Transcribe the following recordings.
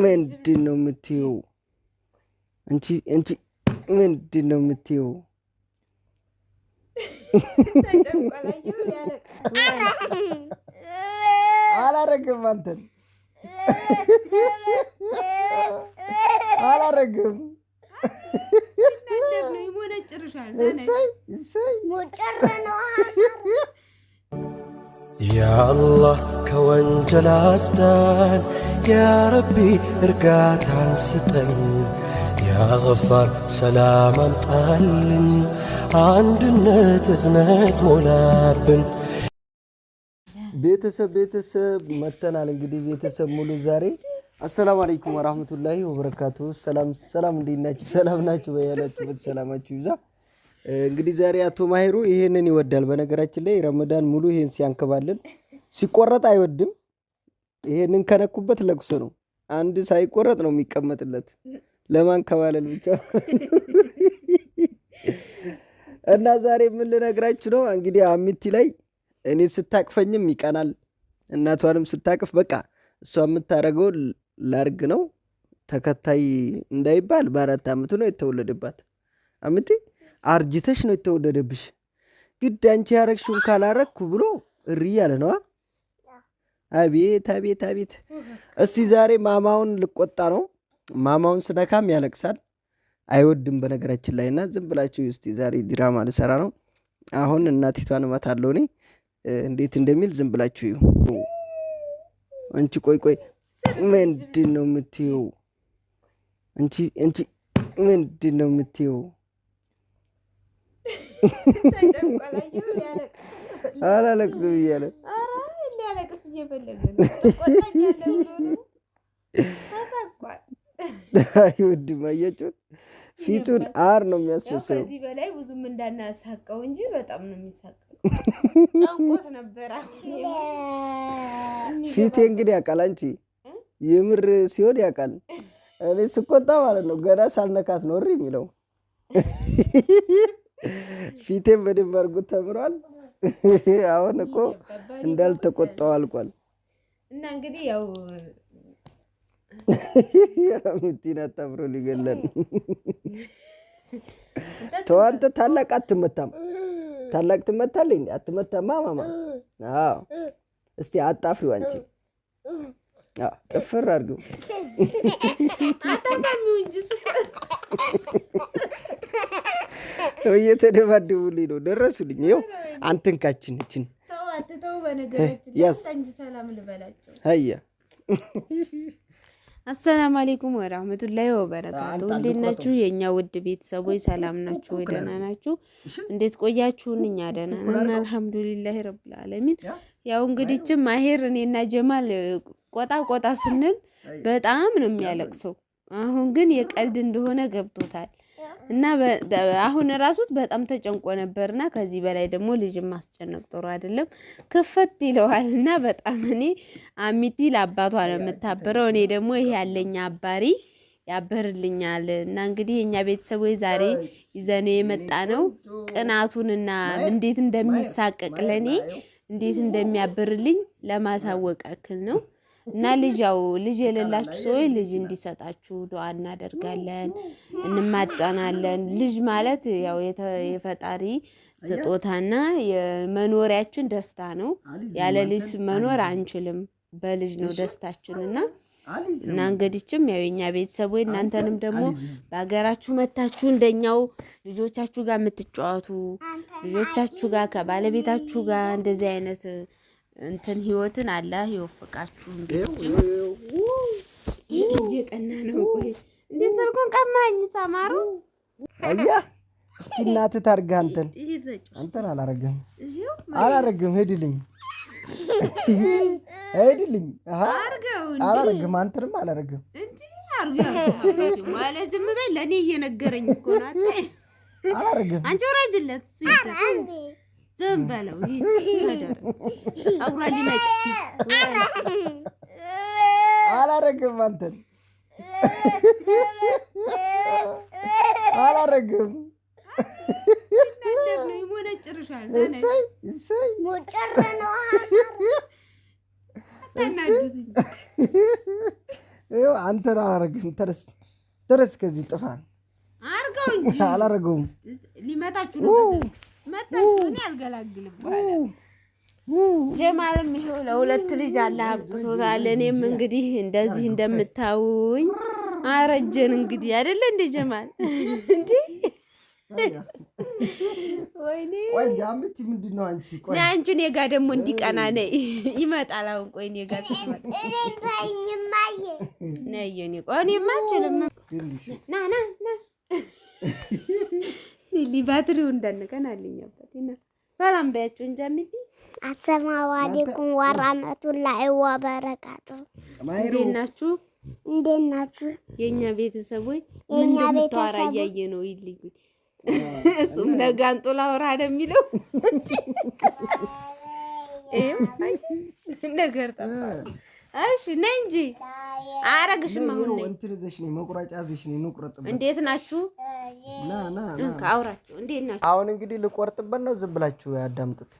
ምንድን ነው የምትይው? እንቺ እንቺ ምንድን ነው የምትይው? አላረግም፣ አንተን አላረግም። ይሰይ ይሰይ ያአላህ ከወንጀል አስዳን ያረቢ እርጋታን ስጠን፣ ያገፋር ሰላም አምጣልን፣ አንድነት እዝነት ሞላብን። ቤተሰብ ቤተሰብ መተናል። እንግዲህ ቤተሰብ ሙሉ ዛሬ አሰላሙ አለይኩም ወራህመቱላሂ ወበረካቱ። ሰላም ሰላም፣ እንዴት ናችሁ? ሰላም ናችሁ? በያላችሁበት ሰላማችሁ ይብዛ። እንግዲህ ዛሬ አቶ ማሄሩ ይሄንን ይወዳል። በነገራችን ላይ ረመዳን ሙሉ ይሄን ሲያንከባልን ሲቆረጥ አይወድም። ይሄንን ከነኩበት ለቅሶ ነው። አንድ ሳይቆረጥ ነው የሚቀመጥለት ለማንከባለል ብቻ እና ዛሬ ምን ልነግራችሁ ነው እንግዲህ አሚቲ ላይ እኔ ስታቅፈኝም ይቀናል፣ እናቷንም ስታቅፍ በቃ እሷ የምታደርገው ላርግ ነው። ተከታይ እንዳይባል በአራት ዓመቱ ነው የተወለደባት አሚቲ አርጅተሽ ነው የተወደደብሽ። ግድ አንቺ ያረግሽውን ካላረግኩ ብሎ እሪ ያለ ነዋ። አቤት አቤት አቤት! እስቲ ዛሬ ማማውን ልቆጣ ነው። ማማውን ስነካም ያለቅሳል፣ አይወድም በነገራችን ላይ እና ዝም ብላችሁ እስቲ ዛሬ ድራማ ልሰራ ነው። አሁን እናቲቷን እመታለሁ እኔ እንዴት እንደሚል ዝም ብላችሁ ይሁ። አንቺ ቆይ ቆይ፣ ምንድን ነው የምትይው? አንቺ አንቺ ምንድን ነው የምትይው? አላለቅስ ብያለ ሊያለቅስ እየፈለገ ነው። አይወድም። አያችሁት? ፊቱን አር ነው የሚያስመስለው። ከዚህ በላይ ብዙም እንዳናሳቀው እንጂ በጣም ነው የሚሳቀው። ጫንቆት ነበረ ፊቴ እንግዲህ ያውቃል። አንቺ የምር ሲሆን ያውቃል። እኔ ስቆጣ ማለት ነው ገና ሳልነካት ነው እሪ የሚለው ፊቴም በደንብ አድርጎ ተምሯል። አሁን እኮ እንዳልተቆጣው አልቋል። እና እንግዲህ ያው ሚስቲን አታፍሮ ሊገለን ተዋንተ ታላቅ አትመታም። ታላቅ ትመታለኝ አትመታማ። ማማ አዎ እስቲ አጣፍሪው አንቺ ጥፍር አድርገው እየተደባደቡልኝ ነው። ደረሱልኝ። ይኸው አንተንካችን እችን ሀያ አሰላም አሌይኩም ወራህመቱላሂ ወበረካቱ። እንዴት ናችሁ የእኛ ውድ ቤተሰቦች? ሰላም ናችሁ ወይ? ደህና ናችሁ? እንዴት ቆያችሁን? እኛ ደህና ነን፣ አልሐምዱሊላሂ ረብል ዓለሚን። ያው እንግዲህ ማሄር እኔና ጀማል ቆጣ ቆጣ ስንል በጣም ነው የሚያለቅሰው። አሁን ግን የቀልድ እንደሆነ ገብቶታል እና አሁን ራሱት በጣም ተጨንቆ ነበር እና ከዚህ በላይ ደግሞ ልጅም ማስጨነቅ ጥሩ አይደለም። ክፈት ይለዋል እና በጣም እኔ አሚቲ ለአባቷ ነው የምታብረው። እኔ ደግሞ ይሄ ያለኝ አባሪ ያበርልኛል እና እንግዲህ የእኛ ቤተሰቡ ዛሬ ይዘነው የመጣ ነው ቅናቱንና እንዴት እንደሚሳቀቅ ለእኔ እንዴት እንደሚያብርልኝ ለማሳወቅ ያክል ነው። እና ልጅ ያው ልጅ የሌላችሁ ሰዎች ልጅ እንዲሰጣችሁ ዱዓ እናደርጋለን፣ እንማጸናለን። ልጅ ማለት ያው የፈጣሪ ስጦታና የመኖሪያችን ደስታ ነው። ያለ ልጅ መኖር አንችልም። በልጅ ነው ደስታችን እና እና እንግዲችም ያው የኛ ቤተሰብ ወይ እናንተንም ደግሞ በሀገራችሁ መታችሁ እንደኛው ልጆቻችሁ ጋር የምትጫወቱ ልጆቻችሁ ጋር ከባለቤታችሁ ጋር እንደዚህ አይነት እንትን ህይወትን አላህ ይወፍቃችሁ። እየቀና ነው። ቆይ እንደ ስልኩን ቀማኝ ሳማሩ አያ እስቲ እናትህ ታርግህ። አንተን አንተን አላረግህም አላረግህም። ሄድልኝ ሂድልኝ። አላረግህም አንተንም አላረግህም። ማለት ዝም በል። ለእኔ እየነገረኝ እኮ ነው። አላረግህም አንቺ ወራጅለት ዝም በለው። ፀጉሯን ሊመጭ አላረግም። አንተን አላረግም። ይሞነጭርሻል። አንተን አላረግም። ተረስ ተረስ ከዚህ አላረገውም። ሊመታችሁ ነው መጣሁን ያልገላግልም ጀማልም ይኸው ለሁለት ልጅ አላህ አብቅቶታል። እኔም እንግዲህ እንደዚህ እንደምታውኝ አረጀን እንግዲህ አይደለ እንደ ጀማል እንደ ወይኔ አንቺ እኔ ጋ ደግሞ እንዲቀና ነይ ይመጣል። አሁን ቆይ እኔ ጋ ነይ የእኔ ቆይ እኔማ አልችልም። ና ና ና ባትሪው እንዳነቀናልኝ እና ሰላም በያችሁ እንጂ አሚቲ አሰላሙ አለይኩም ወራህመቱላሂ ወበረካቱ። እንዴት ናችሁ? እንዴት ናችሁ? የኛ ቤተሰቦች ምን እንደምታወራ እያየ ነው ይልኝ። እሱም ነገ አንጦላ ወራ የሚለው ነገር ጠፋ። እሺ ነይ እንጂ አያረግሽም። አሁን ነይ እንትን እዘሽ ነይ መቁረጫ እዘሽ ነይ እንቁረጥበት። እንዴት ናችሁ? ና ና ና አውራችሁ እንዴት ናችሁ? አሁን እንግዲህ ልቆርጥበት ነው። ዝም ብላችሁ ያዳምጡት።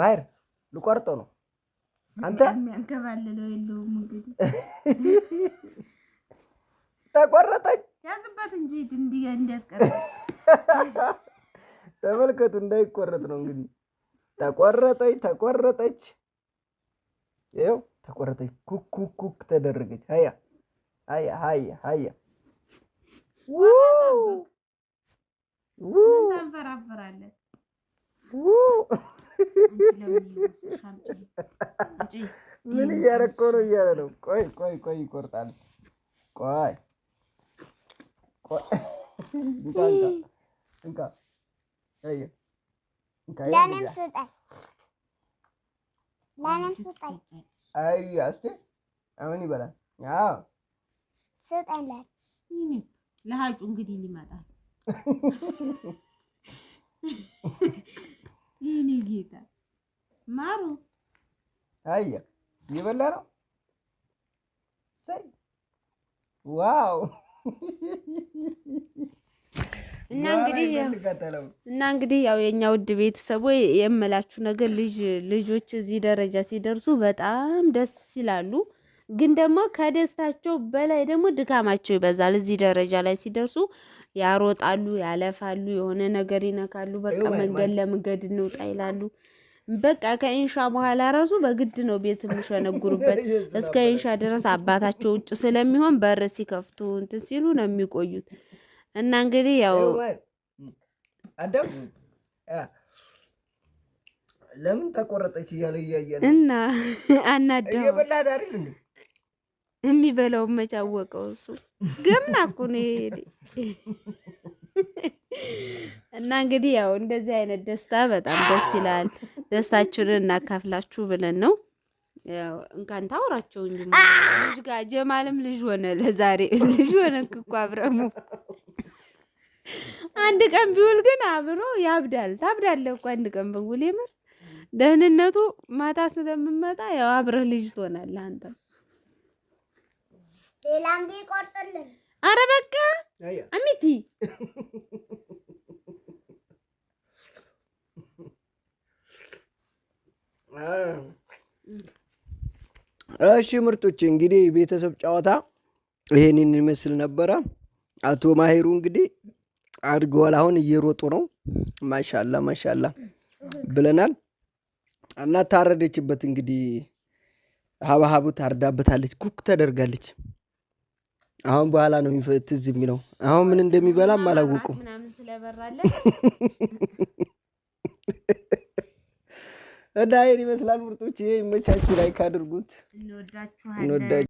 ማይር ልቆርጦ ነው። አንተ የሚያንከባልለው የለውም እንግዲህ ተቆረጠች። ያዝበት እንጂ እንዲህ እንዲያስቀር ተመልከቱ፣ እንዳይቆረጥ ነው እንግዲህ። ተቆረጠች ተቆረጠች ይኸው ተቆረጠች። ኩክ ኩክ ተደረገች። ሀያ ሀያ ሀያ ሀያ ታንፈራፍራለች። ምን እያረኮ ነው እያለ ነው። ቆይ ቆይ ቆይ ይቆርጣል። ቆይ ለእኔም ስጠኝ፣ ለእኔም ስጠኝ አያ እስኪ አሁን ይበላል። አዎ ስጠላል ለሀጩ እንግዲህ ይመጣል። ይህኔ ጌታ ማሩ አያ እየበላ ነው። ሰይ ዋው እና እንግዲህ እና እንግዲህ ያው የኛ ውድ ቤተሰቦ የምላችሁ ነገር ልጅ ልጆች እዚህ ደረጃ ሲደርሱ በጣም ደስ ይላሉ። ግን ደግሞ ከደስታቸው በላይ ደግሞ ድካማቸው ይበዛል። እዚህ ደረጃ ላይ ሲደርሱ ያሮጣሉ፣ ያለፋሉ፣ የሆነ ነገር ይነካሉ። በቃ መንገድ ለመንገድ እንውጣ ይላሉ። በቃ ከኢንሻ በኋላ ራሱ በግድ ነው ቤት የሚሸነጉሩበት። እስከ ኢንሻ ድረስ አባታቸው ውጭ ስለሚሆን በር ሲከፍቱ እንትን ሲሉ ነው የሚቆዩት። እና እንግዲህ ያው ለምን ተቆረጠች እያለ እያየ እና አናደው እየበላት አይደል የሚበላውን መጫወቀው እሱ ገምና እኮ ነው ይሄ። እና እንግዲህ ያው እንደዚህ አይነት ደስታ በጣም ደስ ይላል። ደስታችንን እናካፍላችሁ ብለን ነው። እንኳን ታውራቸው እንጂ ልጅ ጋር ጀማልም ልጅ ሆነ፣ ለዛሬ ልጅ ሆነ እኮ አብረሙ አንድ ቀን ቢውል ግን አብሮ ያብዳል። ታብዳለ እኮ አንድ ቀን ብውል የምር ደህንነቱ ማታ ስለምመጣ ያው አብረህ ልጅ ትሆናለህ አንተም። ሌላ አረ በቃ አሚቲ እሺ ምርጦቼ እንግዲህ ቤተሰብ ጨዋታ ይሄንን ይመስል ነበረ። አቶ ማሄሩ እንግዲህ አድገዋል። አሁን እየሮጡ ነው። ማሻላ ማሻላ ብለናል። እና ታረደችበት እንግዲህ ሀባሀቡ ታርዳበታለች። ኩክ ተደርጋለች። አሁን በኋላ ነው የሚፈትዝ የሚለው። አሁን ምን እንደሚበላም አላወቁም። እና ይህን ይመስላል ምርጦች። ይመቻችሁ፣ ላይክ አድርጉት። እንወዳችሁ